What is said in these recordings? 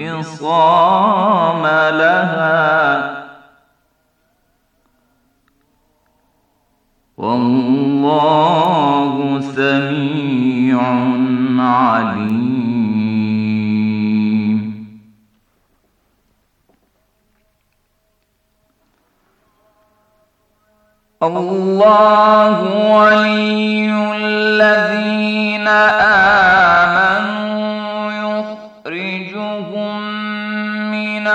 انفصام لها والله سميع عليم الله ولي الذين آمنوا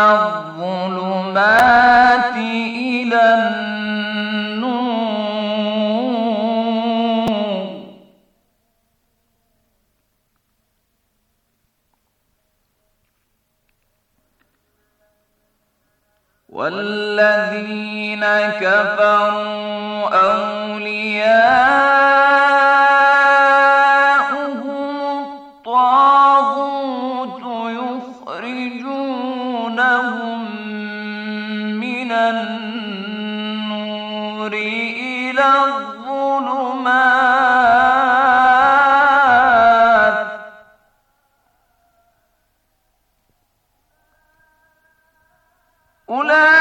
الظلمات إلى النور والذين كفروا أو أولئك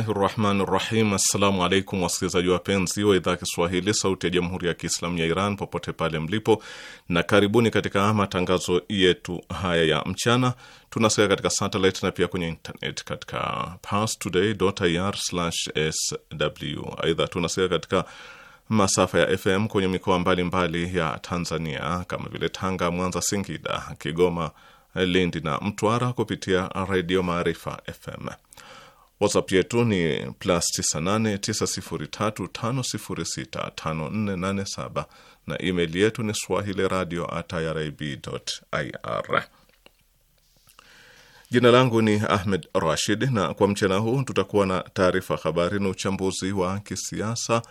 Bismillahi rahmani rahim. Assalamu alaikum wasikilizaji wapenzi wa idhaa Kiswahili sauti ya jamhuri ya Kiislamu ya Iran popote pale mlipo, na karibuni katika matangazo yetu haya ya mchana. Tunasikia katika satellite na pia kwenye internet katika parstoday.ir/sw. Aidha, tunasikia katika masafa ya FM kwenye mikoa mbalimbali ya Tanzania kama vile Tanga, Mwanza, Singida, Kigoma, Lindi na Mtwara kupitia redio Maarifa FM. WhatsApp yetu ni plus 989035065487 na email yetu ni swahili radio at irib ir. Jina langu ni Ahmed Rashid, na kwa mchana huu tutakuwa na taarifa habari na uchambuzi wa kisiasa.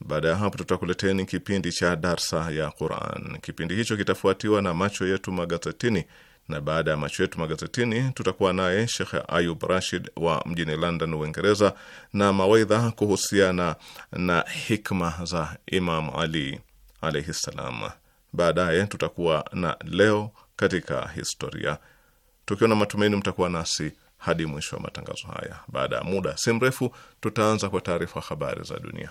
Baada ya hapo, tutakuleteni kipindi cha darsa ya Quran. Kipindi hicho kitafuatiwa na macho yetu magazetini na baada ya macho yetu magazetini tutakuwa naye Shekh Ayub Rashid wa mjini London, Uingereza, na mawaidha kuhusiana na hikma za Imam Ali alaihi ssalam. Baadaye tutakuwa na leo katika historia, tukiwa na matumaini mtakuwa nasi hadi mwisho wa matangazo haya. Baada ya muda si mrefu, tutaanza kwa taarifa habari za dunia.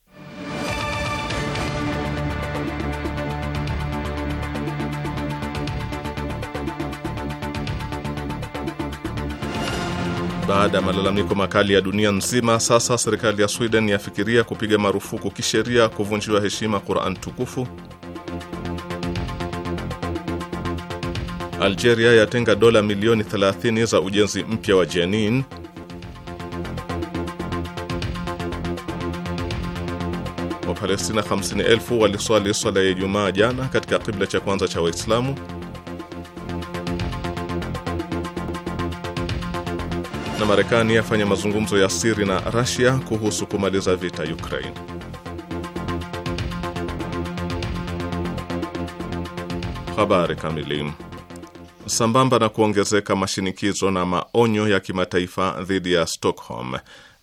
Baada ya malalamiko makali ya dunia nzima, sasa serikali ya Sweden yafikiria kupiga marufuku kisheria kuvunjiwa heshima Qur'an tukufu. Algeria yatenga dola milioni 30 za ujenzi mpya wa Jenin. Wapalestina 50,000 waliswali swala ya Ijumaa jana katika kibla cha kwanza cha Waislamu. na Marekani yafanya mazungumzo ya siri na Russia kuhusu kumaliza vita Ukraine. Habari kamili. Sambamba na kuongezeka mashinikizo na maonyo ya kimataifa dhidi ya Stockholm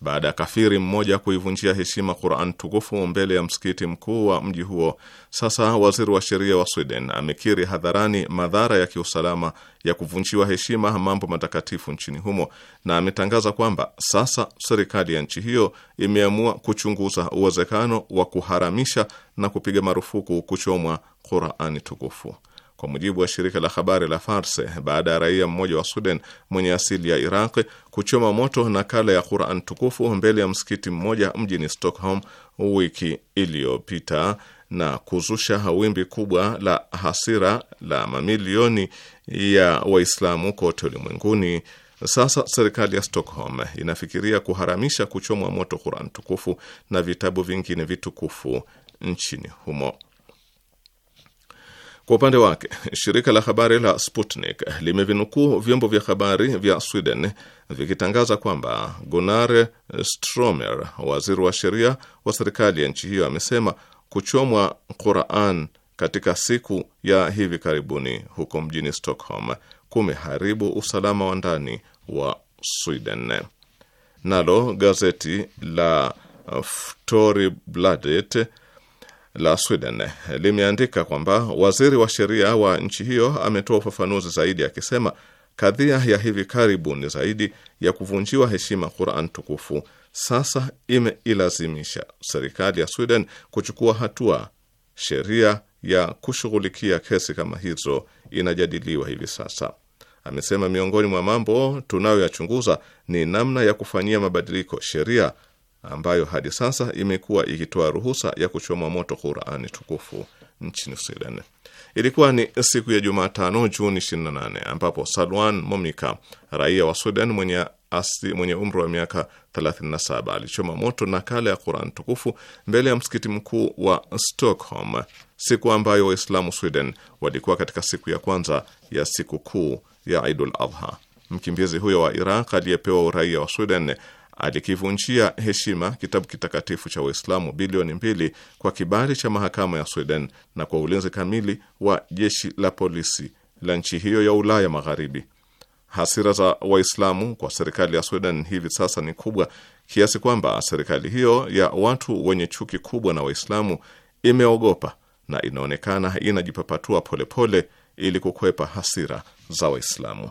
baada ya kafiri mmoja kuivunjia heshima Quran tukufu mbele ya msikiti mkuu wa mji huo. Sasa waziri wa sheria wa Sweden amekiri hadharani madhara ya kiusalama ya kuvunjiwa heshima mambo matakatifu nchini humo, na ametangaza kwamba sasa serikali ya nchi hiyo imeamua kuchunguza uwezekano wa kuharamisha na kupiga marufuku kuchomwa Qurani tukufu. Kwa mujibu wa shirika la habari la Farse, baada ya raia mmoja wa Sudan mwenye asili ya Iraq kuchoma moto nakala ya Quran tukufu mbele ya msikiti mmoja mjini Stockholm wiki iliyopita na kuzusha wimbi kubwa la hasira la mamilioni ya Waislamu kote ulimwenguni. Sasa serikali ya Stockholm inafikiria kuharamisha kuchomwa moto Quran tukufu na vitabu vingine vitukufu nchini humo. Kwa upande wake shirika la habari la Sputnik limevinukuu vyombo vya habari vya Sweden vikitangaza kwamba Gunnar Stromer, waziri wa sheria wa serikali ya nchi hiyo, amesema kuchomwa Quran katika siku ya hivi karibuni huko mjini Stockholm kumeharibu usalama wa ndani wa Sweden. Nalo gazeti la Aftonbladet la Sweden limeandika kwamba waziri wa sheria wa nchi hiyo ametoa ufafanuzi zaidi akisema kadhia ya hivi karibuni zaidi ya kuvunjiwa heshima Quran tukufu sasa imeilazimisha serikali ya Sweden kuchukua hatua. Sheria ya kushughulikia kesi kama hizo inajadiliwa hivi sasa. Amesema miongoni mwa mambo tunayoyachunguza ni namna ya kufanyia mabadiliko sheria ambayo hadi sasa imekuwa ikitoa ruhusa ya kuchoma moto Qurani tukufu nchini Sweden. Ilikuwa ni siku ya Jumatano, Juni 28 ambapo Salwan Momika, raia wa Sweden mwenye asli, mwenye umri wa miaka 37 alichoma moto nakala ya Quran tukufu mbele ya msikiti mkuu wa Stockholm, siku ambayo Waislamu Sweden walikuwa katika siku ya kwanza ya siku kuu ya Idul Adha. Mkimbizi huyo wa Iraq aliyepewa uraia wa Sweden alikivunjia heshima kitabu kitakatifu cha Waislamu bilioni mbili kwa kibali cha mahakama ya Sweden na kwa ulinzi kamili wa jeshi la polisi la nchi hiyo ya Ulaya Magharibi. Hasira za Waislamu kwa serikali ya Sweden hivi sasa ni kubwa kiasi kwamba serikali hiyo ya watu wenye chuki kubwa na Waislamu imeogopa na inaonekana inajipapatua polepole ili kukwepa hasira za Waislamu.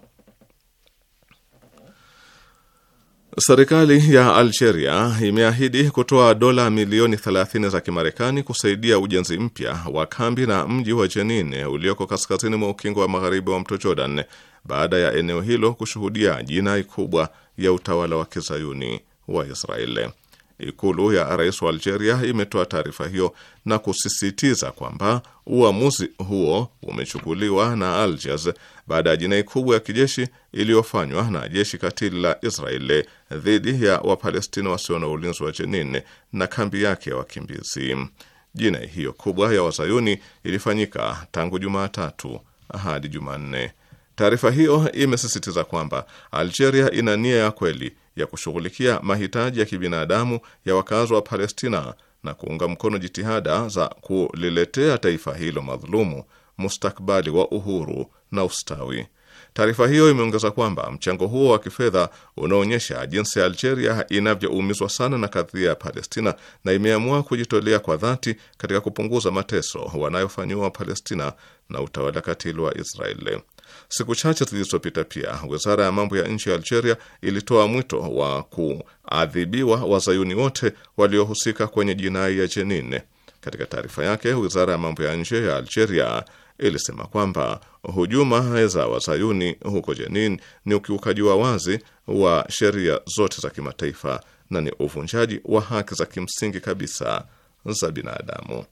Serikali ya Algeria imeahidi kutoa dola milioni 30 za Kimarekani kusaidia ujenzi mpya wa kambi na mji wa Jenin ulioko kaskazini mwa ukingo wa magharibi wa mto Jordan baada ya eneo hilo kushuhudia jinai kubwa ya utawala wa kizayuni wa Israeli. Ikulu ya rais wa Algeria imetoa taarifa hiyo na kusisitiza kwamba uamuzi huo umechukuliwa na Algiers baada ya jinai kubwa ya kijeshi iliyofanywa na jeshi katili la Israeli dhidi ya Wapalestina wasio na ulinzi wa Jenin na kambi yake ya wakimbizi. Jinai hiyo kubwa ya wazayuni ilifanyika tangu Jumatatu hadi Jumanne. Taarifa hiyo imesisitiza kwamba Algeria ina nia ya kweli ya kushughulikia mahitaji ya kibinadamu ya wakazi wa Palestina na kuunga mkono jitihada za kuliletea taifa hilo madhulumu mustakbali wa uhuru na ustawi. Taarifa hiyo imeongeza kwamba mchango huo wa kifedha unaonyesha jinsi Algeria inavyoumizwa sana na kadhia ya Palestina na imeamua kujitolea kwa dhati katika kupunguza mateso wanayofanyiwa Wapalestina na utawala katili wa Israeli. Siku chache zilizopita pia wizara ya mambo ya nje ya Algeria ilitoa mwito wa kuadhibiwa wazayuni wote waliohusika kwenye jinai ya Jenin. Katika taarifa yake, wizara ya mambo ya nje ya Algeria ilisema kwamba hujuma za wazayuni huko Jenin ni ukiukaji wa wazi wa sheria zote za kimataifa na ni uvunjaji wa haki za kimsingi kabisa za binadamu.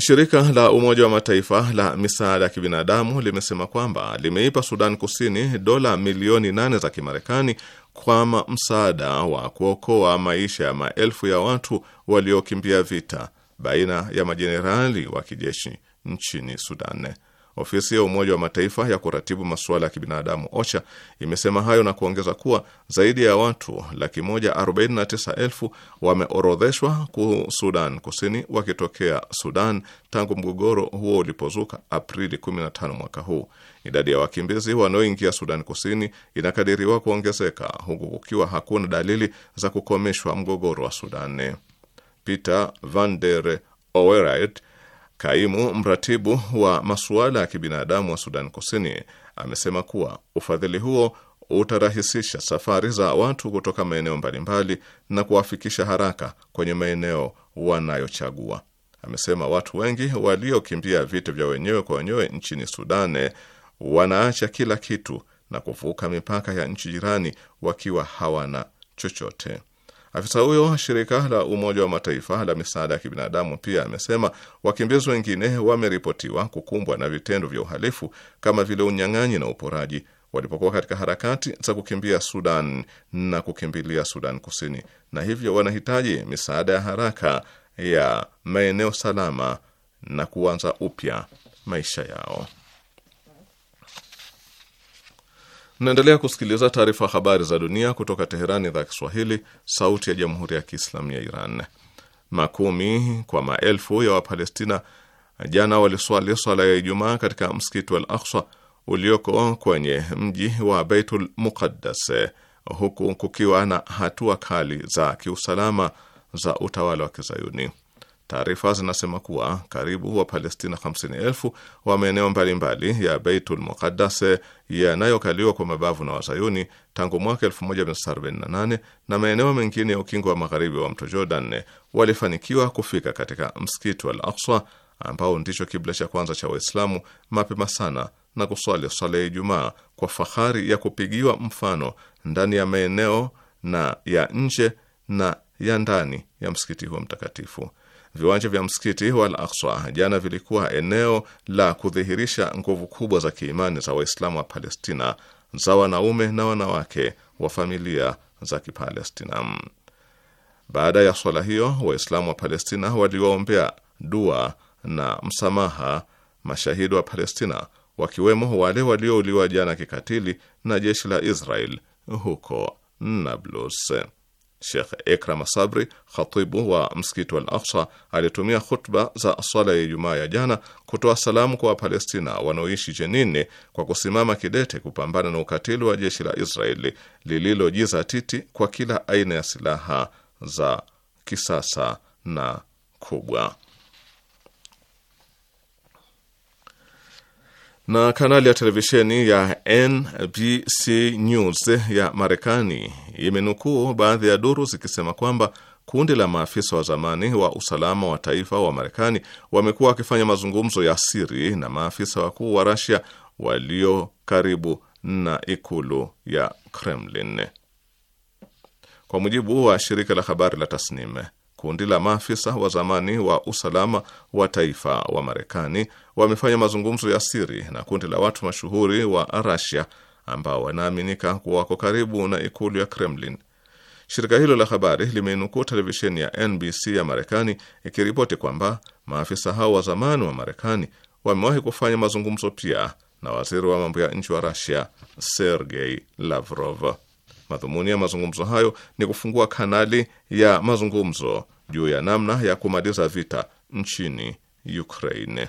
Shirika la Umoja wa Mataifa la misaada ya kibinadamu limesema kwamba limeipa Sudan Kusini dola milioni nane za Kimarekani kwa msaada wa kuokoa maisha ya maelfu ya watu waliokimbia vita baina ya majenerali wa kijeshi nchini Sudan. Ofisi ya Umoja wa Mataifa ya kuratibu masuala ya kibinadamu OCHA imesema hayo na kuongeza kuwa zaidi ya watu laki moja arobaini na tisa elfu wameorodheshwa ku Sudan Kusini wakitokea Sudan tangu mgogoro huo ulipozuka Aprili 15 mwaka huu. Idadi ya wakimbizi wanaoingia Sudan Kusini inakadiriwa kuongezeka huku kukiwa hakuna dalili za kukomeshwa mgogoro wa Sudan. Peter van der Owerheid, kaimu mratibu wa masuala ya kibinadamu wa Sudan Kusini, amesema kuwa ufadhili huo utarahisisha safari za watu kutoka maeneo mbalimbali na kuwafikisha haraka kwenye maeneo wanayochagua. Amesema watu wengi waliokimbia vita vya wenyewe kwa wenyewe nchini Sudan wanaacha kila kitu na kuvuka mipaka ya nchi jirani wakiwa hawana chochote. Afisa huyo shirika la Umoja wa Mataifa la misaada ya kibinadamu pia amesema wakimbizi wengine wameripotiwa kukumbwa na vitendo vya uhalifu kama vile unyang'anyi na uporaji walipokuwa katika harakati za kukimbia Sudan na kukimbilia Sudan Kusini, na hivyo wanahitaji misaada ya haraka ya maeneo salama na kuanza upya maisha yao. naendelea kusikiliza taarifa habari za dunia kutoka Teherani, idhaa Kiswahili, sauti ya jamhuri ya kiislamu ya Iran. Makumi kwa maelfu ya Wapalestina jana waliswali swala ya Ijumaa katika msikiti wa Al Akswa ulioko kwenye mji wa Beitul Muqaddas, huku kukiwa na hatua kali za kiusalama za utawala wa Kizayuni. Taarifa zinasema kuwa karibu Wapalestina 50,000 wa maeneo mbalimbali ya Beitul Muqaddas yanayokaliwa kwa mabavu na Wazayuni tangu mwaka 1948 na maeneo mengine ya ukingo wa magharibi wa mto Jordan walifanikiwa kufika katika msikiti wa Al-Aqsa ambao ndicho kibla cha kwanza cha Waislamu mapema sana na kuswali swala ya Ijumaa kwa fahari ya kupigiwa mfano ndani ya maeneo na ya nje na ya ndani ya msikiti huo mtakatifu. Viwanja vya msikiti wa Al jana vilikuwa eneo la kudhihirisha nguvu kubwa za kiimani za Waislamu wa Palestina, za wanaume na wanawake wa familia za Kipalestina. Baada ya swala hiyo, Waislamu wa Palestina waliwaombea dua na msamaha mashahidi wa Palestina, wakiwemo wale waliouliwa jana kikatili na jeshi la Israel huko Nablus. Shekh Ekram Sabri, khatibu wa msikiti wa Al Aksa, alitumia khutba za swala ya Ijumaa ya jana kutoa salamu kwa Wapalestina wanaoishi Jenini kwa kusimama kidete kupambana na ukatili wa jeshi la Israeli lililojizatiti kwa kila aina ya silaha za kisasa na kubwa. Na kanali ya televisheni ya NBC News ya Marekani imenukuu baadhi ya duru zikisema kwamba kundi la maafisa wa zamani wa usalama wa taifa wa Marekani wamekuwa wakifanya mazungumzo ya siri na maafisa wakuu wa Russia walio karibu na ikulu ya Kremlin. Kwa mujibu wa shirika la habari la Tasnim, Kundi la maafisa wa zamani wa usalama wa taifa wa Marekani wamefanya mazungumzo ya siri na kundi la watu mashuhuri wa Rasia ambao wanaaminika kuwa wako karibu na ikulu ya Kremlin. Shirika hilo la habari limeinukuu televisheni ya NBC ya Marekani ikiripoti kwamba maafisa hao wa zamani wa Marekani wamewahi kufanya mazungumzo pia na waziri wa mambo ya nchi wa Rasia Sergei Lavrov. Madhumuni ya mazungumzo hayo ni kufungua kanali ya mazungumzo juu ya namna ya kumaliza vita nchini Ukraine.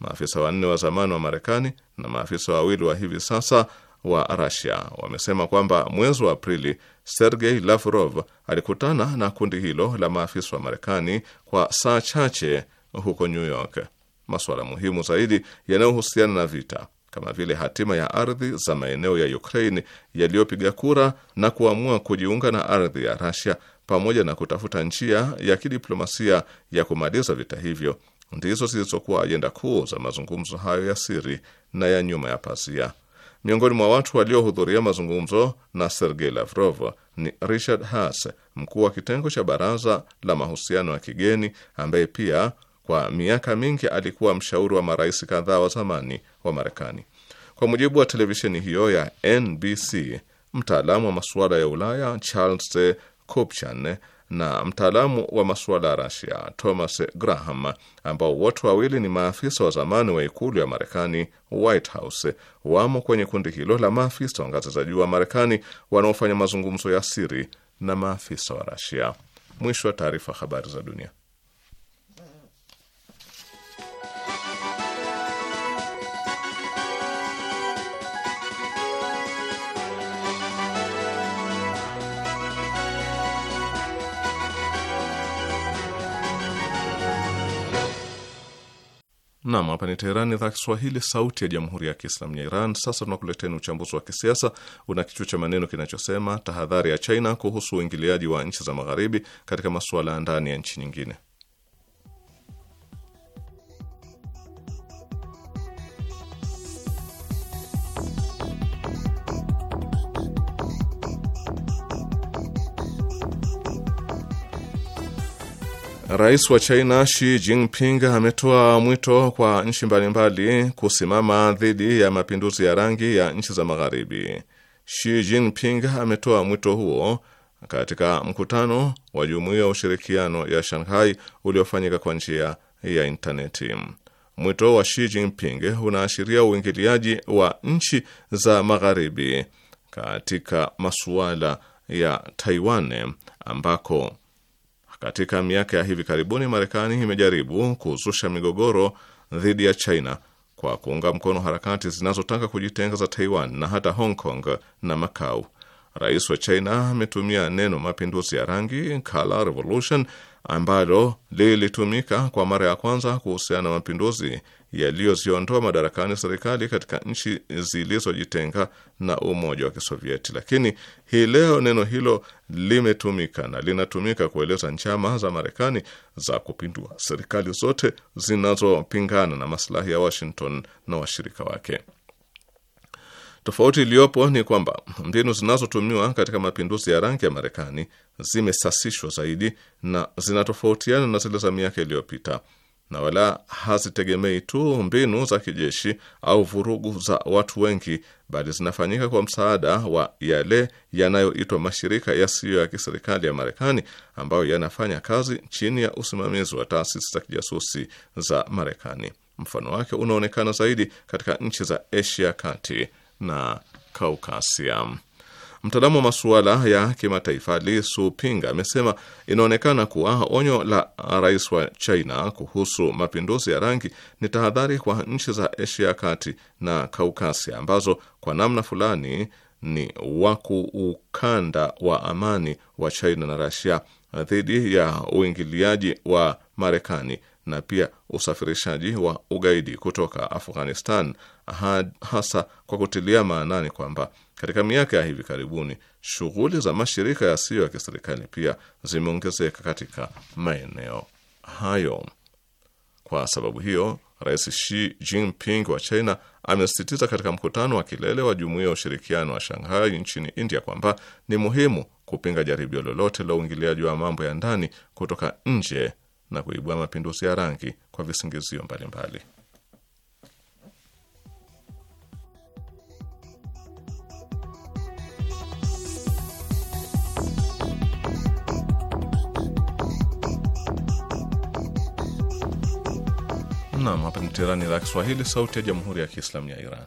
Maafisa wanne wa zamani wa Marekani na maafisa wawili wa hivi sasa wa Russia wamesema kwamba mwezi wa Aprili Sergei Lavrov alikutana na kundi hilo la maafisa wa Marekani kwa saa chache huko New York. Masuala muhimu zaidi yanayohusiana na vita kama vile hatima ya ardhi za maeneo ya Ukraine yaliyopiga kura na kuamua kujiunga na ardhi ya Russia pamoja na kutafuta njia ya kidiplomasia ya kumaliza vita hivyo ndizo zilizokuwa ajenda kuu za mazungumzo hayo ya siri na ya nyuma ya pazia. Miongoni mwa watu waliohudhuria mazungumzo na Sergei Lavrov ni Richard Haas, mkuu wa kitengo cha baraza la mahusiano ya kigeni, ambaye pia kwa miaka mingi alikuwa mshauri wa marais kadhaa wa zamani wa Marekani. Kwa mujibu wa televisheni hiyo ya NBC, mtaalamu wa masuala ya Ulaya Charles Kupchan na mtaalamu wa masuala ya Rasia Thomas Graham, ambao wote wawili ni maafisa wa zamani wa ikulu ya Marekani, White House, wamo kwenye kundi hilo la maafisa wa ngazi za juu wa Marekani wanaofanya mazungumzo ya siri na maafisa wa Rasia. Mwisho wa taarifa. Habari za dunia. Nam, hapa ni Teherani, idhaa Kiswahili, sauti ya jamhuri ya kiislamu ya Iran. Sasa tunakuleteni uchambuzi wa kisiasa una kichwa cha maneno kinachosema tahadhari ya China kuhusu uingiliaji wa nchi za magharibi katika masuala ya ndani ya nchi nyingine. Rais wa China Xi Jinping ametoa mwito kwa nchi mbalimbali kusimama dhidi ya mapinduzi ya rangi ya nchi za magharibi. Xi Jinping ametoa mwito huo katika mkutano wa Jumuiya ya Ushirikiano ya Shanghai uliofanyika kwa njia ya intaneti. Mwito wa Xi Jinping unaashiria uingiliaji wa nchi za magharibi katika masuala ya Taiwan ambako katika miaka ya hivi karibuni, Marekani imejaribu kuzusha migogoro dhidi ya China kwa kuunga mkono harakati zinazotaka kujitenga za Taiwan na hata Hong Kong na Macau. Rais wa China ametumia neno mapinduzi ya rangi color revolution ambalo lilitumika kwa mara ya kwanza kuhusiana na mapinduzi yaliyoziondoa madarakani serikali katika nchi zilizojitenga na Umoja wa Kisovieti. Lakini hii leo neno hilo limetumika na linatumika kueleza njama za Marekani za kupindua serikali zote zinazopingana na maslahi ya Washington na washirika wake. Tofauti iliyopo ni kwamba mbinu zinazotumiwa katika mapinduzi ya rangi ya Marekani zimesasishwa zaidi na zinatofautiana na zile za miaka iliyopita na wala hazitegemei tu mbinu za kijeshi au vurugu za watu wengi, bali zinafanyika kwa msaada wa yale yanayoitwa mashirika yasiyo ya kiserikali ya Marekani ambayo yanafanya kazi chini ya usimamizi wa taasisi za kijasusi za Marekani. Mfano wake unaonekana zaidi katika nchi za Asia kati na Kaukasia. Mtaalamu wa masuala ya kimataifa Li suping amesema inaonekana kuwa onyo la rais wa China kuhusu mapinduzi ya rangi ni tahadhari kwa nchi za Asia kati na Kaukasia ambazo kwa namna fulani ni waku ukanda wa amani wa China na Rasia dhidi ya uingiliaji wa Marekani na pia usafirishaji wa ugaidi kutoka Afghanistan, hasa kwa kutilia maanani kwamba katika miaka ya hivi karibuni, shughuli za mashirika yasiyo ya kiserikali pia zimeongezeka katika maeneo hayo. Kwa sababu hiyo, Rais Xi Jinping wa China amesisitiza katika mkutano wa kilele wa Jumuiya ya Ushirikiano wa Shanghai nchini India kwamba ni muhimu kupinga jaribio lolote la uingiliaji wa mambo ya ndani kutoka nje na kuibua mapinduzi ya rangi kwa visingizio mbalimbali. nam hapa ni Teherani la Kiswahili, sauti ya jamhuri ya kiislamu ya Iran.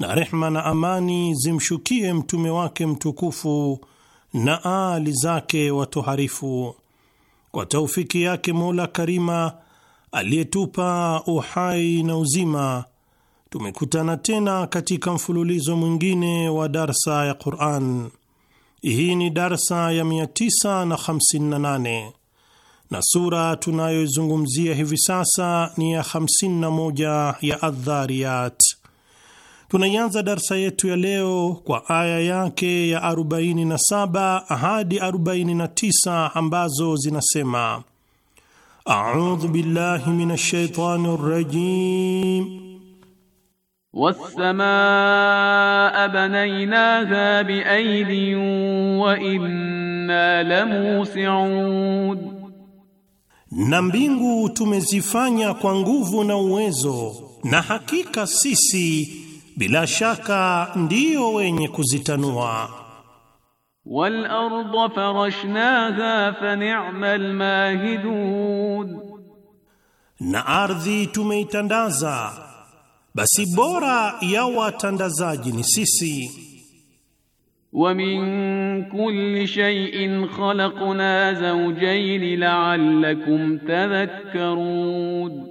na rehma na amani zimshukie mtume wake mtukufu na aali zake watoharifu. Kwa taufiki yake Mola Karima aliyetupa uhai na uzima, tumekutana tena katika mfululizo mwingine wa darsa ya Quran. Hii ni darsa ya 958 na sura tunayoizungumzia hivi sasa ni ya 51 ya Adhariyat. Tunaianza darsa yetu ya leo kwa aya yake ya 47 hadi 49 ambazo zinasema: audhu billahi minash shaitani rajim wassamaa banainaha biaidin wa inna lamusiun, na mbingu tumezifanya kwa nguvu na uwezo, na hakika sisi bila shaka ndio wenye kuzitanua. Wal arda farashnaha fa mahidun, na ardhi tumeitandaza, basi bora ya watandazaji ni sisi. Wa min kulli shay'in khalaqna zawjayn la'allakum tadhakkarun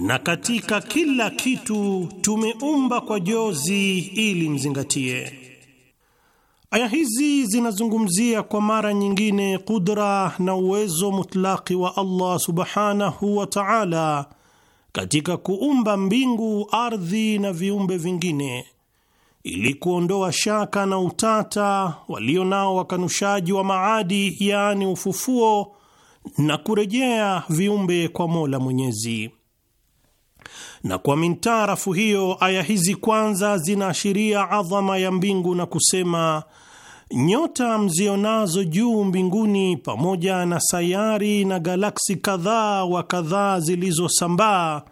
na katika kila kitu tumeumba kwa jozi ili mzingatie. Aya hizi zinazungumzia kwa mara nyingine kudra na uwezo mutlaki wa Allah subhanahu wa ta'ala katika kuumba mbingu, ardhi na viumbe vingine ili kuondoa shaka na utata walio nao wakanushaji wa maadi, yaani ufufuo na kurejea viumbe kwa Mola Mwenyezi. Na kwa mintaarafu hiyo, aya hizi kwanza zinaashiria adhama ya mbingu na kusema, nyota mzionazo juu mbinguni pamoja na sayari na galaksi kadhaa wa kadhaa zilizosambaa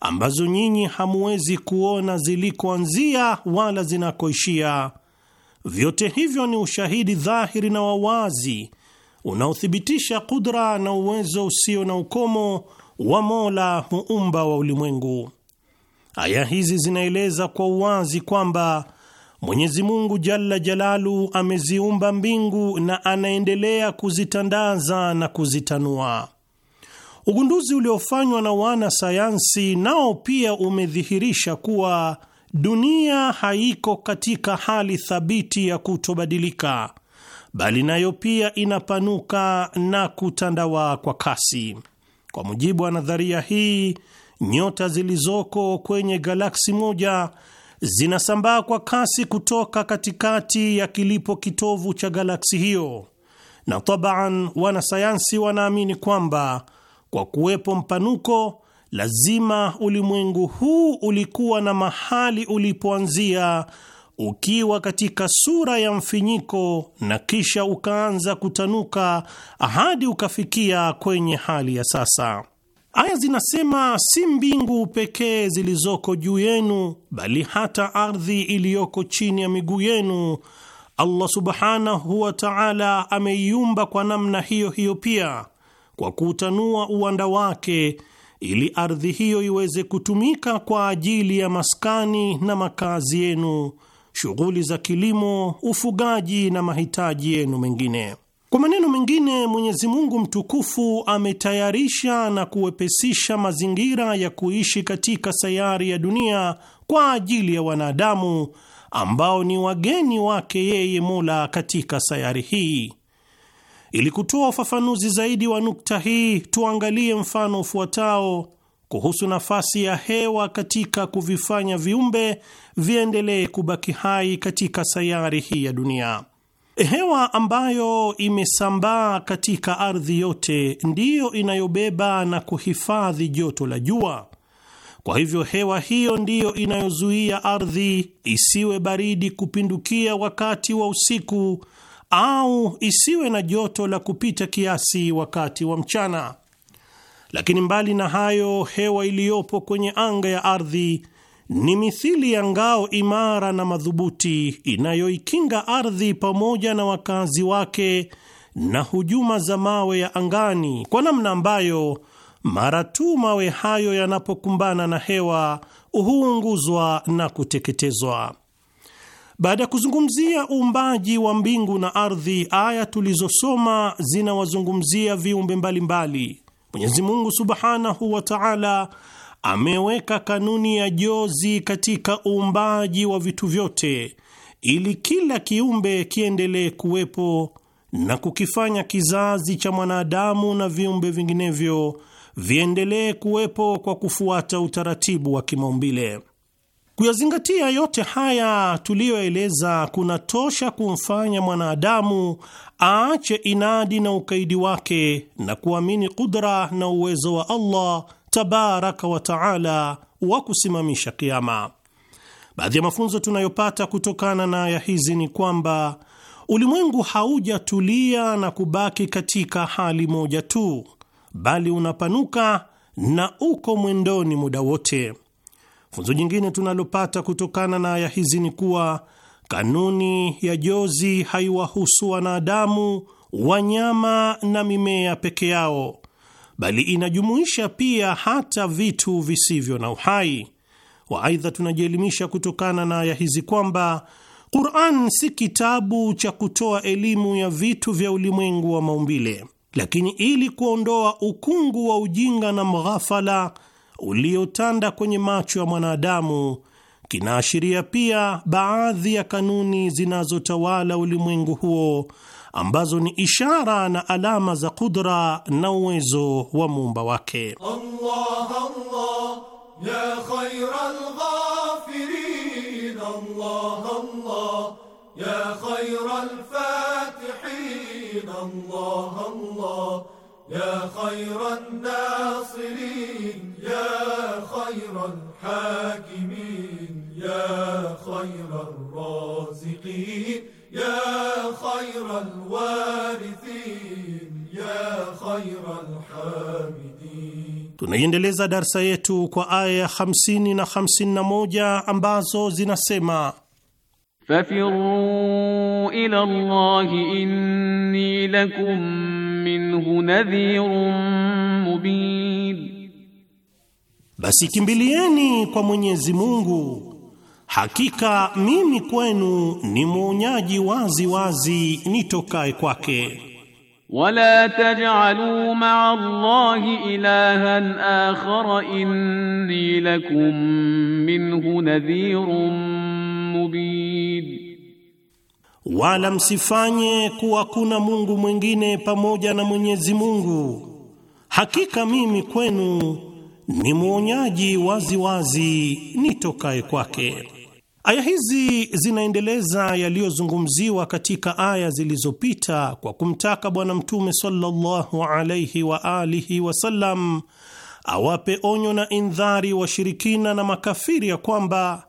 ambazo nyinyi hamuwezi kuona zilikoanzia wala zinakoishia, vyote hivyo ni ushahidi dhahiri na wawazi unaothibitisha kudra na uwezo usio na ukomo wa Mola muumba wa ulimwengu. Aya hizi zinaeleza kwa uwazi kwamba Mwenyezi Mungu Jalla Jalalu ameziumba mbingu na anaendelea kuzitandaza na kuzitanua. Ugunduzi uliofanywa na wana sayansi nao pia umedhihirisha kuwa dunia haiko katika hali thabiti ya kutobadilika, bali nayo pia inapanuka na kutandawaa kwa kasi. Kwa mujibu wa nadharia hii, nyota zilizoko kwenye galaksi moja zinasambaa kwa kasi kutoka katikati ya kilipo kitovu cha galaksi hiyo, na tabaan, wanasayansi wanaamini kwamba kwa kuwepo mpanuko, lazima ulimwengu huu ulikuwa na mahali ulipoanzia ukiwa katika sura ya mfinyiko na kisha ukaanza kutanuka hadi ukafikia kwenye hali ya sasa. Aya zinasema si mbingu pekee zilizoko juu yenu, bali hata ardhi iliyoko chini ya miguu yenu Allah subhanahu wa ta'ala ameiumba kwa namna hiyo hiyo pia kwa kuutanua uwanda wake ili ardhi hiyo iweze kutumika kwa ajili ya maskani na makazi yenu shughuli za kilimo, ufugaji na mahitaji yenu mengine. Kwa maneno mengine, Mwenyezi Mungu mtukufu ametayarisha na kuwepesisha mazingira ya kuishi katika sayari ya dunia kwa ajili ya wanadamu ambao ni wageni wake yeye Mola katika sayari hii. Ili kutoa ufafanuzi zaidi wa nukta hii, tuangalie mfano ufuatao kuhusu nafasi ya hewa katika kuvifanya viumbe viendelee kubaki hai katika sayari hii ya dunia. Hewa ambayo imesambaa katika ardhi yote ndiyo inayobeba na kuhifadhi joto la jua. Kwa hivyo hewa hiyo ndiyo inayozuia ardhi isiwe baridi kupindukia wakati wa usiku au isiwe na joto la kupita kiasi wakati wa mchana. Lakini mbali na hayo, hewa iliyopo kwenye anga ya ardhi ni mithili ya ngao imara na madhubuti inayoikinga ardhi pamoja na wakazi wake na hujuma za mawe ya angani, kwa namna ambayo mara tu mawe hayo yanapokumbana na hewa huunguzwa na kuteketezwa. Baada ya kuzungumzia uumbaji wa mbingu na ardhi, aya tulizosoma zinawazungumzia viumbe mbalimbali Mwenyezi Mungu subhanahu wa taala ameweka kanuni ya jozi katika uumbaji wa vitu vyote ili kila kiumbe kiendelee kuwepo na kukifanya kizazi cha mwanadamu na viumbe vinginevyo viendelee kuwepo kwa kufuata utaratibu wa kimaumbile. Kuyazingatia yote haya tuliyoeleza kuna tosha kumfanya mwanadamu aache inadi na ukaidi wake na kuamini kudra na uwezo wa Allah tabaraka wa taala wa kusimamisha kiama. Baadhi ya mafunzo tunayopata kutokana na aya hizi ni kwamba ulimwengu haujatulia na kubaki katika hali moja tu, bali unapanuka na uko mwendoni muda wote. Funzo jingine tunalopata kutokana na aya hizi ni kuwa kanuni ya jozi haiwahusu wanadamu, wanyama na mimea peke yao, bali inajumuisha pia hata vitu visivyo na uhai. wa aidha tunajielimisha kutokana na aya hizi kwamba Qur'an si kitabu cha kutoa elimu ya vitu vya ulimwengu wa maumbile, lakini ili kuondoa ukungu wa ujinga na mghafala uliotanda kwenye macho ya mwanadamu kinaashiria pia baadhi ya kanuni zinazotawala ulimwengu huo ambazo ni ishara na alama za kudra na uwezo wa muumba wake Allah, Allah, ya ya يا خير الحاكمين يا خير الرازقين يا خير الوارثين يا خير الحامدين. Tunaiendeleza darsa yetu kwa aya 50 na 51 ambazo zinasema fafiru ila Allahi inni lakum minhu nadhirun mubin basi kimbilieni kwa Mwenyezi Mungu, hakika mimi kwenu ni mwonyaji wazi wazi nitokaye kwake. Wala taj'alu ma'a Allahi ilahan akhara inni lakum minhu nadhirun mubin, wala msifanye kuwa kuna Mungu mwingine pamoja na Mwenyezi Mungu, hakika mimi kwenu ni mwonyaji waziwazi nitokaye kwake. Aya hizi zinaendeleza yaliyozungumziwa katika aya zilizopita kwa kumtaka Bwana Mtume sallallahu alaihi wa alihi wasallam awape onyo na indhari washirikina na makafiri ya kwamba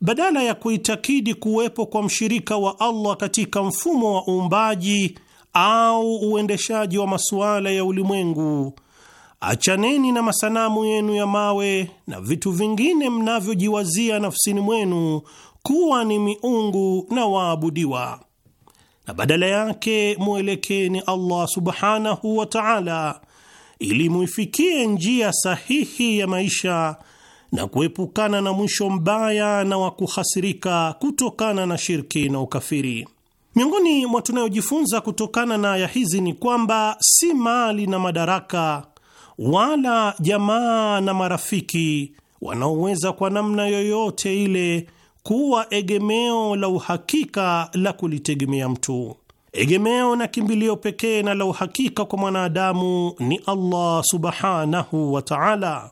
badala ya kuitakidi kuwepo kwa mshirika wa Allah katika mfumo wa uumbaji au uendeshaji wa masuala ya ulimwengu Achaneni na masanamu yenu ya mawe na vitu vingine mnavyojiwazia nafsini mwenu kuwa ni miungu na waabudiwa, na badala yake mwelekeni Allah subhanahu wa ta'ala, ili muifikie njia sahihi ya maisha na kuepukana na mwisho mbaya na wa kuhasirika kutokana na shirki na ukafiri. Miongoni mwa tunayojifunza kutokana na aya hizi ni kwamba si mali na madaraka wala jamaa na marafiki wanaoweza kwa namna yoyote ile kuwa egemeo la uhakika la kulitegemea mtu. Egemeo na kimbilio pekee na la uhakika kwa mwanadamu ni Allah subhanahu wa ta'ala,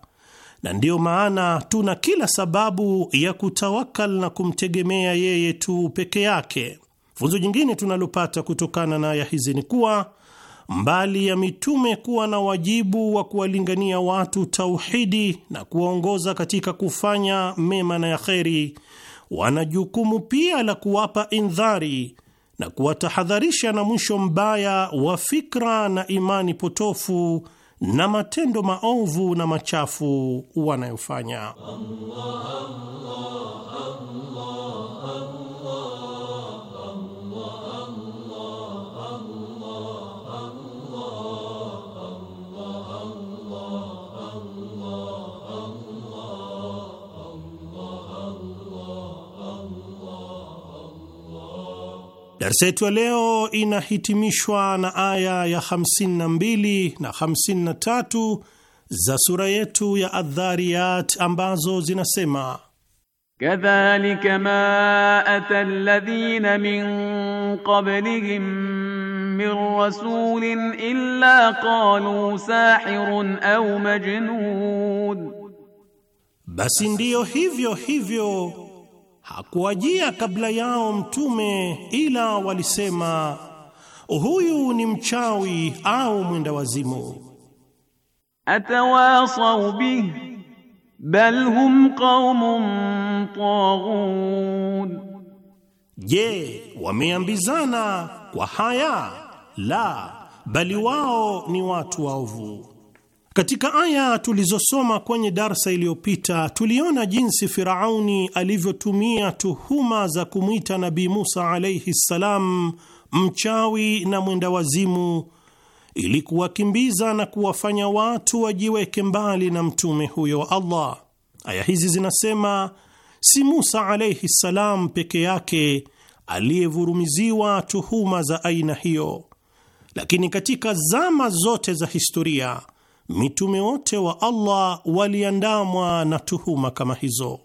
na ndiyo maana tuna kila sababu ya kutawakal na kumtegemea yeye tu peke yake. Funzo jingine tunalopata kutokana na aya hizi ni kuwa mbali ya mitume kuwa na wajibu wa kuwalingania watu tauhidi na kuwaongoza katika kufanya mema na ya kheri, wana jukumu pia la kuwapa indhari na kuwatahadharisha na mwisho mbaya wa fikra na imani potofu na matendo maovu na machafu wanayofanya Allah, Allah, Allah. Darsa yetu ya leo inahitimishwa na aya ya 52 na 53 za sura yetu ya Adhariyat ambazo zinasema: kadhalika ma ata alladhina min qablihim min rasulin illa qalu sahirun au majnun, basi ndiyo hivyo hivyo hakuwajia kabla yao mtume ila walisema huyu ni mchawi au mwenda wazimu. Atawasau bih bal hum qaumun taghun, je, wameambizana kwa haya? La, bali wao ni watu waovu. Katika aya tulizosoma kwenye darsa iliyopita tuliona jinsi Firauni alivyotumia tuhuma za kumwita Nabii Musa alaihi ssalam mchawi na mwenda wazimu ili kuwakimbiza na kuwafanya watu wajiweke mbali na mtume huyo wa Allah. Aya hizi zinasema si Musa alaihi ssalam peke yake aliyevurumiziwa tuhuma za aina hiyo, lakini katika zama zote za historia mitume wote wa Allah waliandamwa na tuhuma kama hizo.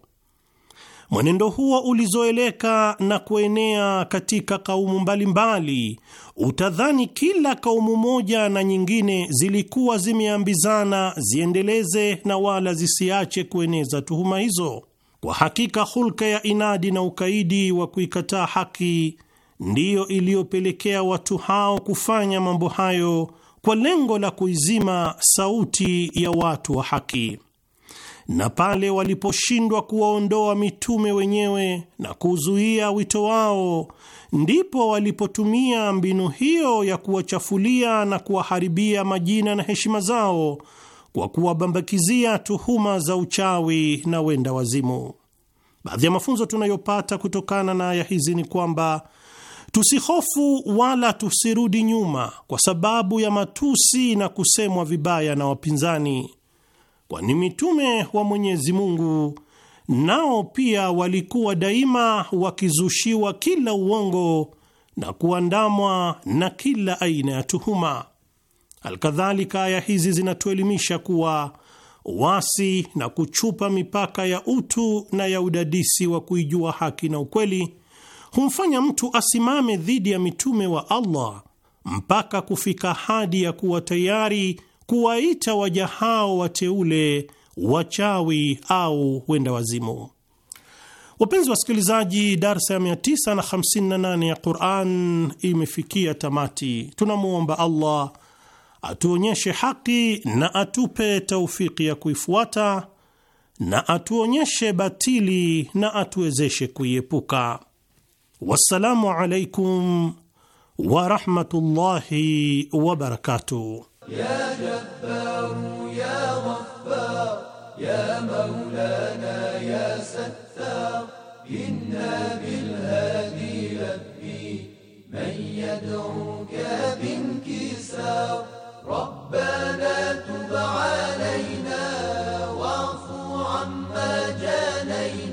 Mwenendo huo ulizoeleka na kuenea katika kaumu mbalimbali, utadhani kila kaumu moja na nyingine zilikuwa zimeambizana ziendeleze na wala zisiache kueneza tuhuma hizo. Kwa hakika hulka ya inadi na ukaidi wa kuikataa haki ndiyo iliyopelekea watu hao kufanya mambo hayo kwa lengo la kuizima sauti ya watu wa haki, na pale waliposhindwa kuwaondoa mitume wenyewe na kuzuia wito wao, ndipo walipotumia mbinu hiyo ya kuwachafulia na kuwaharibia majina na heshima zao kwa kuwabambakizia tuhuma za uchawi na wenda wazimu. Baadhi ya mafunzo tunayopata kutokana na aya hizi ni kwamba Tusihofu wala tusirudi nyuma kwa sababu ya matusi na kusemwa vibaya na wapinzani, kwani mitume wa Mwenyezi Mungu nao pia walikuwa daima wakizushiwa kila uongo na kuandamwa na kila aina ya tuhuma. Alkadhalika, aya hizi zinatuelimisha kuwa uasi na kuchupa mipaka ya utu na ya udadisi wa kuijua haki na ukweli humfanya mtu asimame dhidi ya mitume wa Allah mpaka kufika hadi ya kuwa tayari kuwaita waja hao wateule wachawi au wenda wazimu. Wapenzi wasikilizaji, darsa ya 958 ya Quran imefikia tamati. Tunamwomba Allah atuonyeshe haki na atupe taufiki ya kuifuata na atuonyeshe batili na atuwezeshe kuiepuka. والسلام عليكم ورحمة الله وبركاته يا جبار يا غفار يا مولانا يا ستار إنا بالهادي لبي من يدعوك بانكسار ربنا تب علينا واعف عما جانينا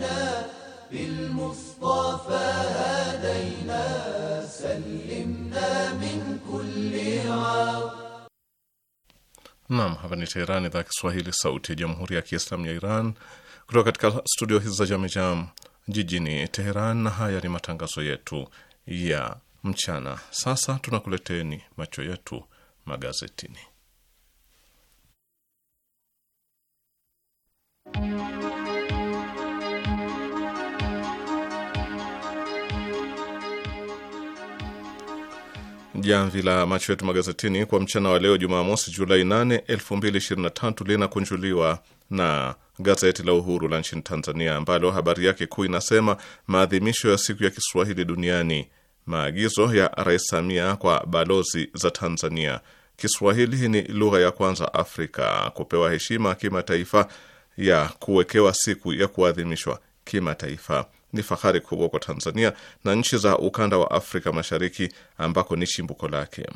المصطفى هدينا سلمنا من كل عار Nam, hapa ni Teherani, idhaa ya Kiswahili, sauti ya jamhuri ya kiislamu ya Iran, kutoka katika studio hizi za Jamejam jijini Teheran, na haya ni matangazo yetu ya mchana. Sasa tunakuleteni macho yetu magazetini. Jamvi la macho yetu magazetini kwa mchana wa leo Jumamosi, Julai 8, 2023 linakunjuliwa na gazeti la Uhuru la nchini Tanzania, ambalo habari yake kuu inasema maadhimisho ya siku ya Kiswahili duniani, maagizo ya Rais Samia kwa balozi za Tanzania, Kiswahili ni lugha ya kwanza Afrika kupewa heshima kimataifa ya kuwekewa siku ya kuadhimishwa kimataifa ni fahari kubwa kwa Tanzania na nchi za ukanda wa Afrika Mashariki ambako ni chimbuko lake.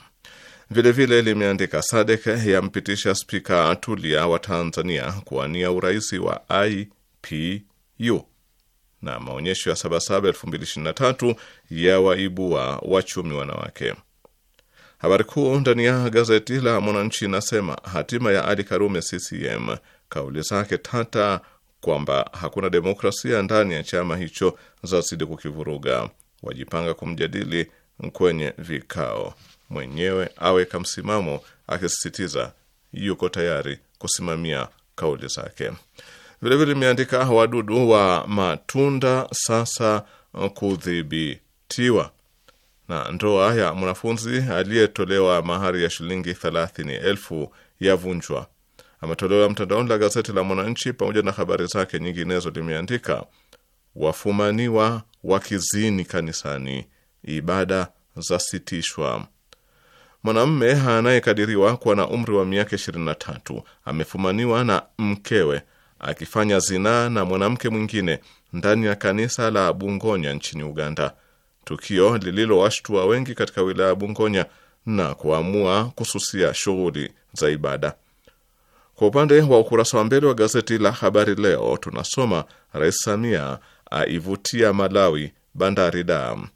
Vilevile limeandika Sadek yampitisha spika Tulia wa Tanzania kuwania urais wa IPU na maonyesho ya Sabasaba 2023 ya waibua wachumi wanawake. Habari kuu ndani ya gazeti la Mwananchi inasema hatima ya Ali Karume CCM, kauli zake tata kwamba hakuna demokrasia ndani ya chama hicho zazidi kukivuruga, wajipanga kumjadili kwenye vikao. Mwenyewe aweka msimamo, akisisitiza yuko tayari kusimamia kauli zake. Vilevile imeandika wadudu wa matunda sasa kudhibitiwa na ndoa ya mwanafunzi aliyetolewa mahari ya shilingi elfu yavunjwa ametoleo ya mtandaoni la gazeti la Mwananchi pamoja na habari zake nyinginezo limeandika wafumaniwa wakizini kanisani, ibada zasitishwa. Mwanamme anayekadiriwa kuwa na umri wa miaka 23 amefumaniwa na mkewe akifanya zinaa na mwanamke mwingine ndani ya kanisa la Bungonya nchini Uganda, tukio lililowashtua wengi katika wilaya ya Bungonya na kuamua kususia shughuli za ibada. Kwa upande wa ukurasa wa mbele wa gazeti la Habari Leo tunasoma Rais Samia aivutia Malawi bandari dam,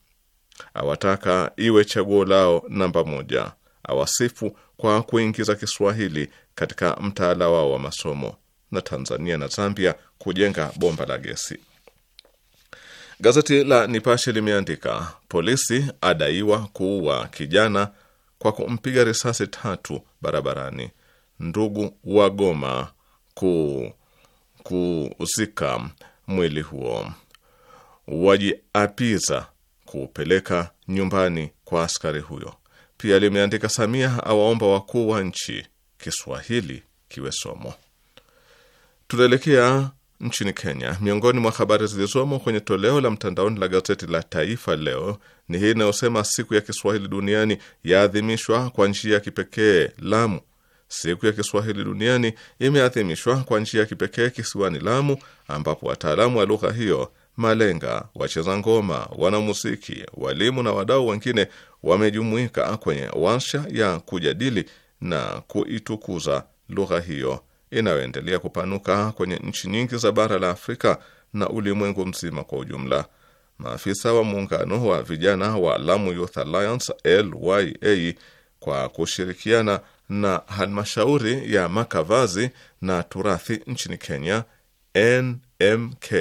awataka iwe chaguo lao namba moja, awasifu kwa kuingiza Kiswahili katika mtaala wao wa masomo, na Tanzania na Zambia kujenga bomba la gesi. Gazeti la Nipashe limeandika polisi adaiwa kuua kijana kwa kumpiga risasi tatu barabarani ndugu wa Goma kuzika mwili huo, wajiapiza kuupeleka nyumbani kwa askari huyo. Pia limeandika Samia awaomba wakuu wa nchi Kiswahili kiwe somo. Tunaelekea nchini Kenya. Miongoni mwa habari zilizomo kwenye toleo la mtandaoni la gazeti la Taifa Leo ni hii inayosema siku ya Kiswahili duniani yaadhimishwa kwa njia ya kipekee Lamu. Siku ya Kiswahili duniani imeadhimishwa kwa njia ya kipekee kisiwani Lamu, ambapo wataalamu wa lugha hiyo, malenga, wacheza ngoma, wanamuziki, walimu na wadau wengine wamejumuika kwenye warsha ya kujadili na kuitukuza lugha hiyo inayoendelea kupanuka kwenye nchi nyingi za bara la Afrika na ulimwengu mzima kwa ujumla. Maafisa wa muungano wa vijana wa Lamu Youth Alliance LYA kwa kushirikiana na halmashauri ya makavazi na turathi nchini Kenya NMK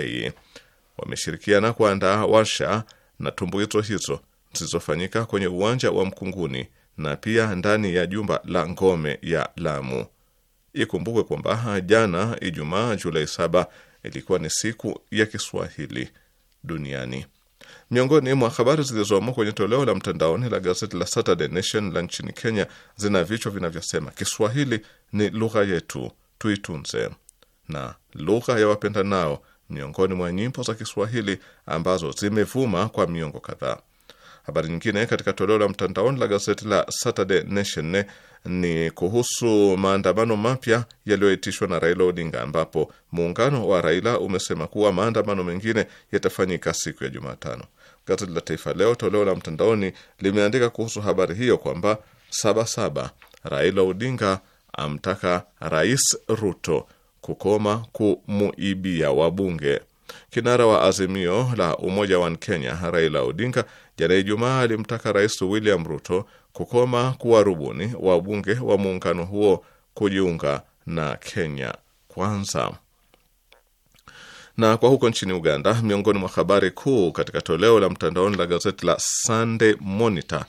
wameshirikiana kuandaa warsha na tumbuizo hizo zilizofanyika kwenye uwanja wa Mkunguni na pia ndani ya jumba la ngome ya Lamu. Ikumbukwe kwamba jana Ijumaa Julai saba ilikuwa ni siku ya Kiswahili duniani. Miongoni mwa habari zilizomo kwenye toleo la mtandaoni la gazeti la Saturday Nation la nchini Kenya zina vichwa vinavyosema Kiswahili ni lugha yetu tuitunze, na lugha ya wapenda nao, miongoni mwa nyimbo za Kiswahili ambazo zimevuma kwa miongo kadhaa. Habari nyingine katika toleo la mtandaoni la gazeti la Saturday Nation ni kuhusu maandamano mapya yaliyoitishwa na Raila Odinga, ambapo muungano wa Raila umesema kuwa maandamano mengine yatafanyika siku ya Jumatano. Gazeti la Taifa Leo toleo la mtandaoni limeandika kuhusu habari hiyo kwamba Sabasaba, Raila Odinga amtaka Rais Ruto kukoma kumuibia wabunge. Kinara wa Azimio la Umoja wa Kenya Raila Odinga jana Ijumaa alimtaka Rais William Ruto kukoma kuwarubuni wabunge wa muungano huo kujiunga na Kenya Kwanza. Na kwa huko nchini Uganda, miongoni mwa habari kuu katika toleo la mtandaoni la gazeti la Sunday Monitor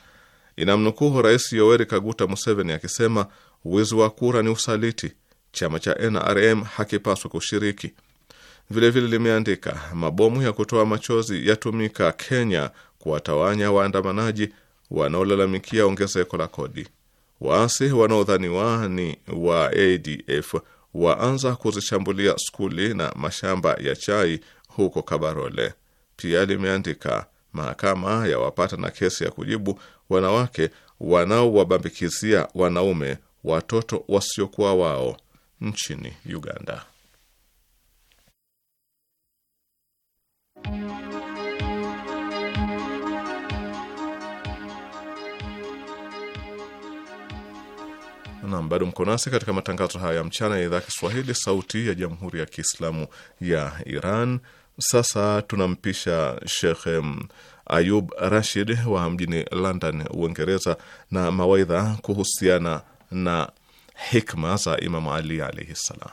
inamnukuu Rais Yoweri Kaguta Museveni akisema wizi wa kura ni usaliti, chama cha NRM hakipaswi kushiriki. Vilevile limeandika mabomu ya kutoa machozi yatumika Kenya kuwatawanya waandamanaji wanaolalamikia ongezeko la kodi. Waasi wanaodhaniwa ni wa ADF waanza kuzishambulia skuli na mashamba ya chai huko Kabarole. Pia limeandika mahakama ya wapata na kesi ya kujibu wanawake wanaowabambikizia wanaume watoto wasiokuwa wao nchini Uganda. Nam, bado mko nasi katika matangazo haya ya mchana ya idhaa Kiswahili sauti ya jamhuri ya Kiislamu ya Iran. Sasa tunampisha Shekh Ayub Rashid wa mjini London, Uingereza, na mawaidha kuhusiana na hikma za Imamu Ali alaihi ssalam.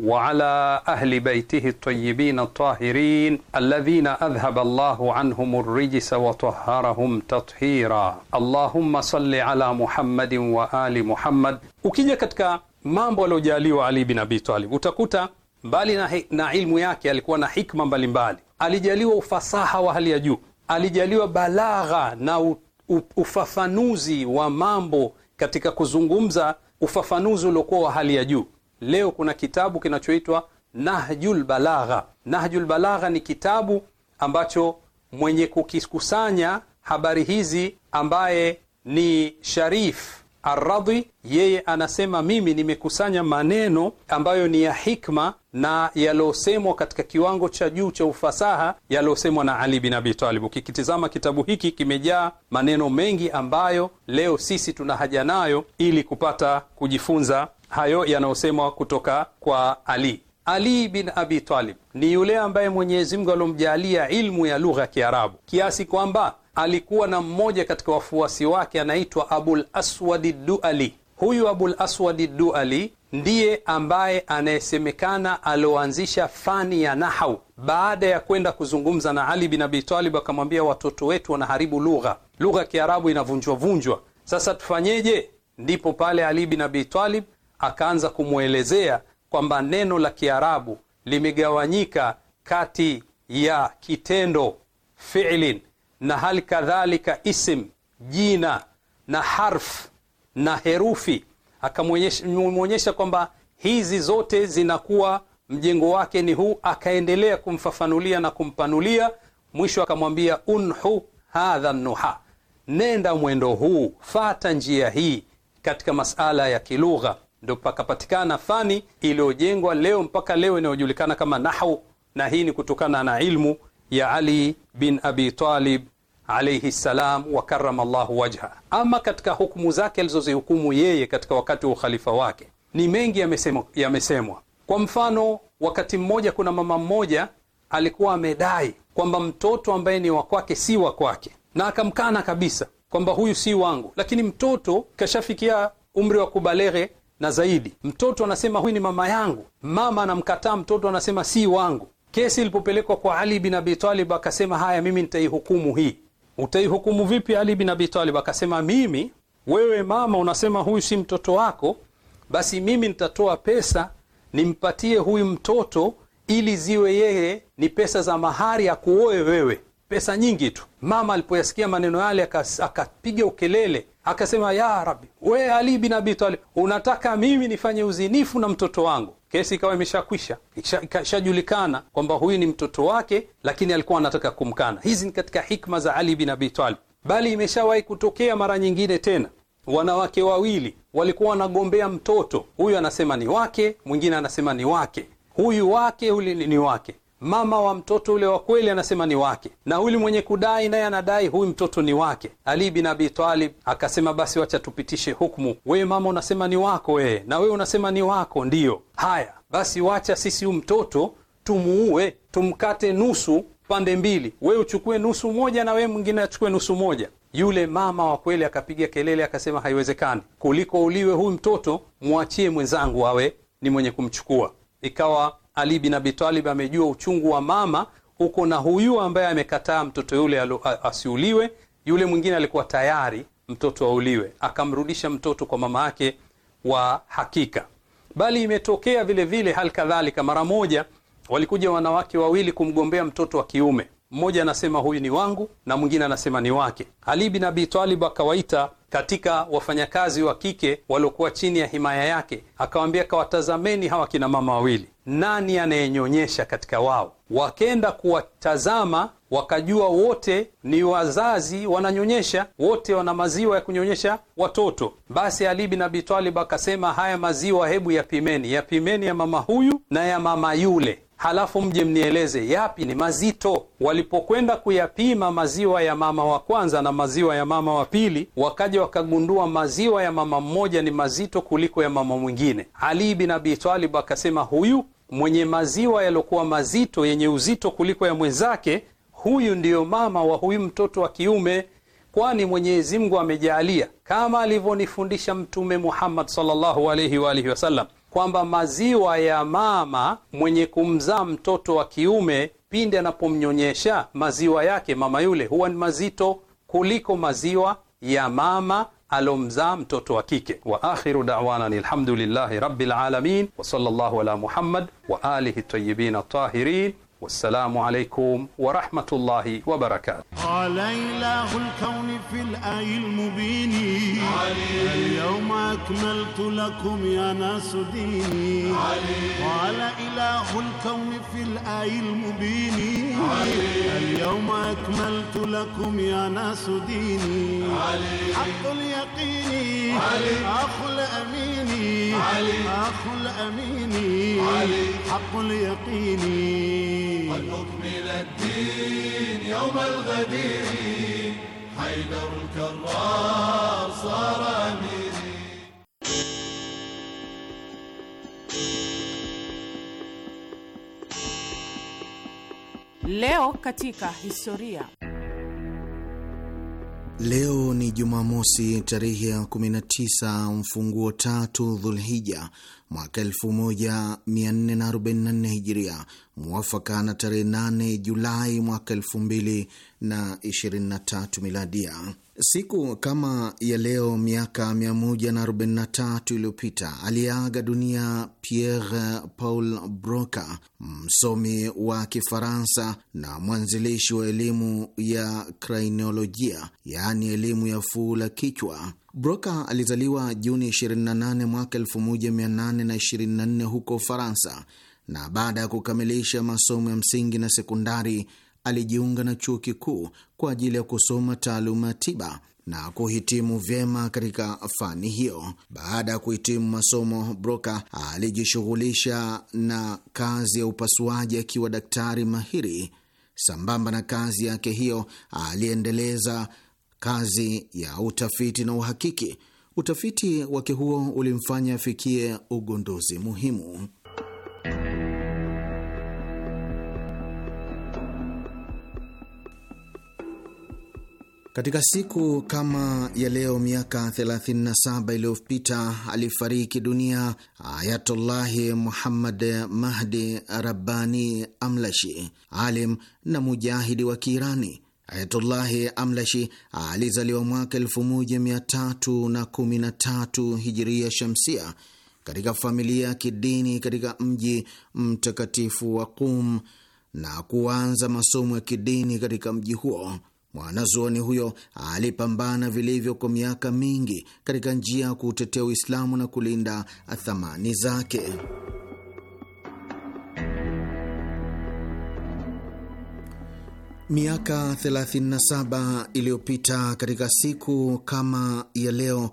وعلى أهل بيته الطيبين الطاهرين الذين أذهب الله عنهم الرجس وطهرهم تطهيرا اللهم صل على محمد وآل محمد. Ukija katika mambo aliyojaliwa Ali bin Abi Talib utakuta mbali na, na ilmu yake alikuwa na hikma mbalimbali mbali. Alijaliwa ufasaha wa hali ya juu, alijaliwa balagha na u, u, ufafanuzi wa mambo katika kuzungumza, ufafanuzi uliokuwa wa hali ya juu Leo kuna kitabu kinachoitwa Nahjul Balagha. Nahjul Balagha ni kitabu ambacho mwenye kukikusanya habari hizi ambaye ni Sharif Arradhi, yeye anasema mimi nimekusanya maneno ambayo ni ya hikma na yaliosemwa katika kiwango cha juu cha ufasaha yaliosemwa na Ali bin Abi Talib. Ukikitizama kitabu hiki kimejaa maneno mengi ambayo leo sisi tuna haja nayo ili kupata kujifunza hayo yanayosemwa kutoka kwa Ali. Ali bin Abi Talib ni yule ambaye Mwenyezi Mungu alomjalia ilmu ya lugha ya Kiarabu kiasi kwamba alikuwa na mmoja katika wafuasi wake anaitwa Abul Aswadi Duali. Huyu Abul Aswadi Duali ndiye ambaye anayesemekana alioanzisha fani ya nahau, baada ya kwenda kuzungumza na Ali bin Abi Talib akamwambia, watoto wetu wanaharibu lugha, lugha ya Kiarabu inavunjwavunjwa, sasa tufanyeje? Ndipo pale Ali bin Abi Talib akaanza kumwelezea kwamba neno la Kiarabu limegawanyika kati ya kitendo fi'lin na hali kadhalika ism jina na harf na herufi. Akamwonyesha kwamba hizi zote zinakuwa mjengo wake ni huu. Akaendelea kumfafanulia na kumpanulia, mwisho akamwambia unhu hadha nuha, nenda mwendo huu, fata njia hii katika masala ya kilugha ndo pakapatikana fani iliyojengwa leo mpaka leo inayojulikana kama nahwu, na hii ni kutokana na ilmu ya Ali bin Abi Talib alaihi ssalam wa karama llahu wajha. Ama katika hukumu zake alizozihukumu yeye katika wakati wa ukhalifa wake ni mengi yamesemwa, Ya Kwa mfano, wakati mmoja kuna mama mmoja alikuwa amedai kwamba mtoto ambaye ni wa kwake si wa kwake, na akamkana kabisa kwamba huyu si wangu, lakini mtoto kashafikia umri wa kubalehe na zaidi. Mtoto anasema huyu ni mama yangu, mama anamkataa mtoto, anasema si wangu. Kesi ilipopelekwa kwa Ali bin Abi Talib, akasema haya, mimi nitaihukumu hii. Utaihukumu vipi? Ali bin Abi Talib akasema, mimi wewe mama unasema huyu si mtoto wako, basi mimi nitatoa pesa nimpatie huyu mtoto ili ziwe yeye ni pesa za mahari ya kuoe wewe, pesa nyingi tu. Mama alipoyasikia maneno yale, akapiga ukelele akasema ya rabi we Ali bin Abi Talib, unataka mimi nifanye uzinifu na mtoto wangu? Kesi ikawa imeshakwisha, ikashajulikana kwamba huyu ni mtoto wake, lakini alikuwa anataka kumkana. Hizi ni katika hikma za Ali bin Abi Talib, bali imeshawahi kutokea mara nyingine tena wanawake wawili walikuwa wanagombea mtoto, huyu anasema ni wake, mwingine anasema ni wake, huyu wake, huli ni wake mama wa mtoto ule wa kweli anasema ni wake, na huyu mwenye kudai naye anadai huyu mtoto ni wake. Ali bin Abi Talib akasema, basi wacha tupitishe hukmu Wewe mama unasema ni wako wewe, na wewe unasema ni wako. Ndiyo, haya basi, wacha sisi huyu mtoto tumuue, tumkate nusu pande mbili, wewe uchukue nusu moja na wewe mwingine achukue nusu moja. Yule mama wa kweli akapiga kelele akasema, haiwezekani, kuliko uliwe huyu mtoto, mwachie mwenzangu awe ni mwenye kumchukua. Ikawa ali bin Abi Talib amejua uchungu wa mama huko, na huyu ambaye amekataa mtoto yule asiuliwe, yule mwingine alikuwa tayari mtoto auliwe, akamrudisha mtoto kwa mama yake wa hakika. Bali imetokea vile vile hali kadhalika, mara moja walikuja wanawake wawili kumgombea mtoto wa kiume mmoja anasema huyu ni wangu na mwingine anasema ni wake. Ali bin Abi Talib akawaita katika wafanyakazi wa kike waliokuwa chini ya himaya yake, akawaambia, kawatazameni hawa kina mama wawili, nani anayenyonyesha katika wao? Wakenda kuwatazama wakajua wote ni wazazi, wananyonyesha wote, wana maziwa ya kunyonyesha watoto. Basi Ali bin Abi Talib akasema, haya maziwa hebu yapimeni, yapimeni ya mama huyu na ya mama yule halafu mje mnieleze yapi ni mazito. Walipokwenda kuyapima maziwa ya mama wa kwanza na maziwa ya mama wa pili, wakaja wakagundua maziwa ya mama mmoja ni mazito kuliko ya mama mwingine. Ali bin Abi Talib akasema, huyu mwenye maziwa yaliokuwa mazito yenye uzito kuliko ya mwenzake, huyu ndiyo mama wa huyu mtoto wa kiume, kwani Mwenyezi Mungu amejaalia kama alivyonifundisha Mtume Muhammad sallallahu alayhi wa alihi wasallam kwamba maziwa ya mama mwenye kumzaa mtoto wa kiume pindi anapomnyonyesha maziwa yake mama yule huwa ni mazito kuliko maziwa ya mama alomzaa mtoto wa kike. wa akhiru da'wana ni alhamdulillahi rabbil alamin wa sallallahu ala Muhammad wa alihi tayyibin tahirin. والسلام عليكم ورحمة الله وبركاته علي إله الكون في الآي المبين اليوم أكملت لكم يا ناس ديني وعلى إله الكون في الآي المبين اليوم أكملت لكم يا ناس ديني حق اليقين أخو الأمين أخو الأمين حق اليقين الدين يوم الغدير حيدر الكرار صار أميري Leo katika historia. Leo ni Jumamosi tarehe ya 19 mfunguo tatu Dhulhija mwaka 1444 Hijiria, mwafaka na tarehe 8 Julai mwaka 2023 Miladia. Siku kama ya leo miaka 143 iliyopita aliyeaga dunia Pierre Paul Broca, msomi wa Kifaransa na mwanzilishi wa elimu ya krainolojia, yaani elimu ya fuu la kichwa. Broka alizaliwa Juni 28 mwaka 1824 huko Ufaransa, na baada ya kukamilisha masomo ya msingi na sekondari alijiunga na chuo kikuu kwa ajili ya kusoma taaluma ya tiba na kuhitimu vyema katika fani hiyo. Baada ya kuhitimu masomo, Broka alijishughulisha na kazi ya upasuaji akiwa daktari mahiri. Sambamba na kazi yake hiyo aliendeleza kazi ya utafiti na uhakiki. Utafiti wake huo ulimfanya afikie ugunduzi muhimu. Katika siku kama ya leo miaka 37 iliyopita alifariki dunia Ayatullahi Muhammad Mahdi Rabbani Amlashi, alim na mujahidi wa Kiirani. Ayatullahi Amlashi alizaliwa mwaka 1313 hijiria shamsia katika familia ya kidini katika mji mtakatifu wa Qum na kuanza masomo ya kidini katika mji huo. Mwanazuoni huyo alipambana vilivyo kwa miaka mingi katika njia ya kuutetea Uislamu na kulinda thamani zake. Miaka 37 iliyopita katika siku kama ya leo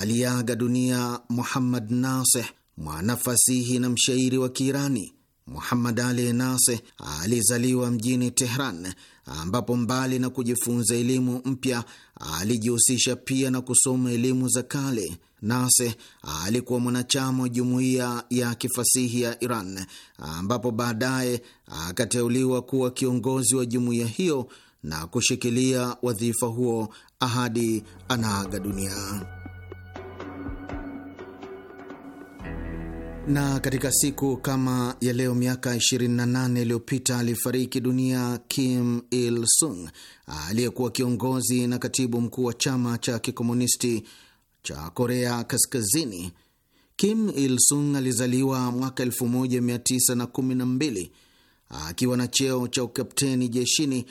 aliaga dunia Muhammad Naseh, mwanafasihi na mshairi wa Kiirani. Muhammad Ali Naseh alizaliwa mjini Tehran ambapo mbali na kujifunza elimu mpya alijihusisha pia na kusoma elimu za kale. Nase alikuwa mwanachama wa jumuiya ya kifasihi ya Iran, ambapo baadaye akateuliwa kuwa kiongozi wa jumuiya hiyo na kushikilia wadhifa huo ahadi anaaga dunia. Na katika siku kama ya leo miaka 28 iliyopita alifariki dunia Kim Il Sung aliyekuwa kiongozi na katibu mkuu wa chama cha kikomunisti cha Korea Kaskazini. Kim Il Sung alizaliwa mwaka 1912 akiwa na cheo cha ukapteni jeshini.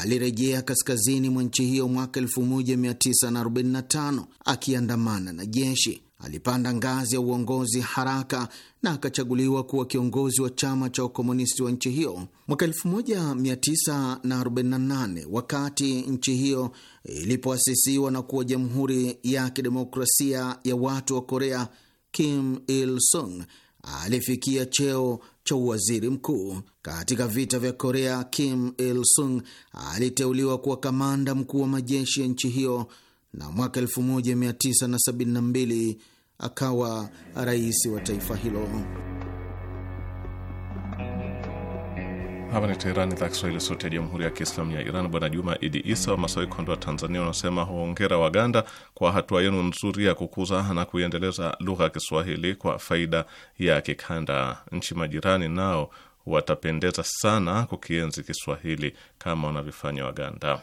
Alirejea kaskazini mwa nchi hiyo mwaka 1945 akiandamana na jeshi. Alipanda ngazi ya uongozi haraka na akachaguliwa kuwa kiongozi wa chama cha ukomunisti wa nchi hiyo mwaka 1948 wakati nchi hiyo ilipoasisiwa na kuwa Jamhuri ya Kidemokrasia ya Watu wa Korea. Kim Il Sung alifikia cheo cha uwaziri mkuu. Katika vita vya Korea, Kim Il Sung aliteuliwa kuwa kamanda mkuu wa majeshi ya nchi hiyo na mwaka 1972 akawa rais wa taifa hilo. Hapa ni Teherani, idhaa Kiswahili, sauti ya jamhuri ya kiislamu ya Iran. Bwana Juma Idi Isa wa Masawi, Kondoa, Tanzania, wanasema hongera Waganda kwa hatua yenu nzuri ya kukuza na kuiendeleza lugha ya Kiswahili kwa faida ya kikanda. Nchi majirani nao watapendeza sana kukienzi Kiswahili kama wanavyofanya Waganda.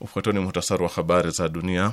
Ufuatoni ni muhtasari wa habari za dunia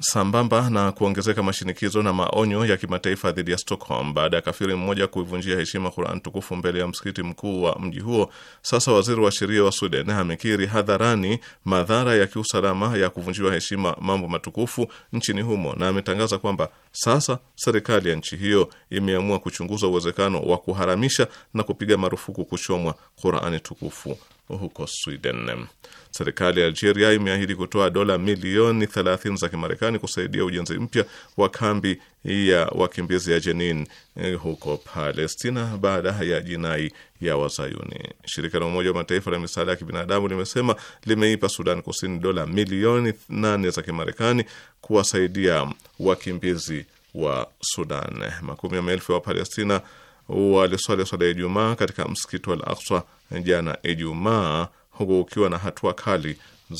sambamba na kuongezeka mashinikizo na maonyo ya kimataifa dhidi ya Stockholm baada ya kafiri mmoja kuivunjia heshima Quran tukufu mbele ya msikiti mkuu wa mji huo. Sasa waziri wa sheria wa Sweden amekiri hadharani madhara ya kiusalama ya kuvunjiwa heshima mambo matukufu nchini humo na ametangaza kwamba sasa serikali ya nchi hiyo imeamua kuchunguza uwezekano wa kuharamisha na kupiga marufuku kuchomwa Qurani tukufu huko Sweden. Serikali ya Algeria imeahidi kutoa dola milioni 30 za Kimarekani kusaidia ujenzi mpya wa kambi ya wakimbizi ya Jenin eh, huko Palestina baada ya jinai ya Wazayuni. Shirika la Umoja wa Mataifa la misaada ya kibinadamu limesema limeipa Sudan Kusini dola milioni 8 za Kimarekani kuwasaidia wakimbizi wa Sudan. Makumi ya maelfu ya Wapalestina waliswali swala ya Ijumaa katika msikiti wa Al Aqsa jana Ijumaa, huku ukiwa na hatua kali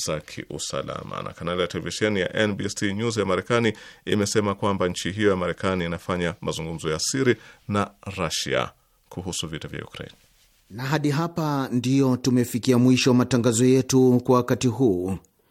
za kiusalama. Na kanali ya televisheni ya NBC News ya Marekani imesema kwamba nchi hiyo ya Marekani inafanya mazungumzo ya siri na rasia kuhusu vita vya Ukraine. Na hadi hapa ndiyo tumefikia mwisho wa matangazo yetu kwa wakati huu.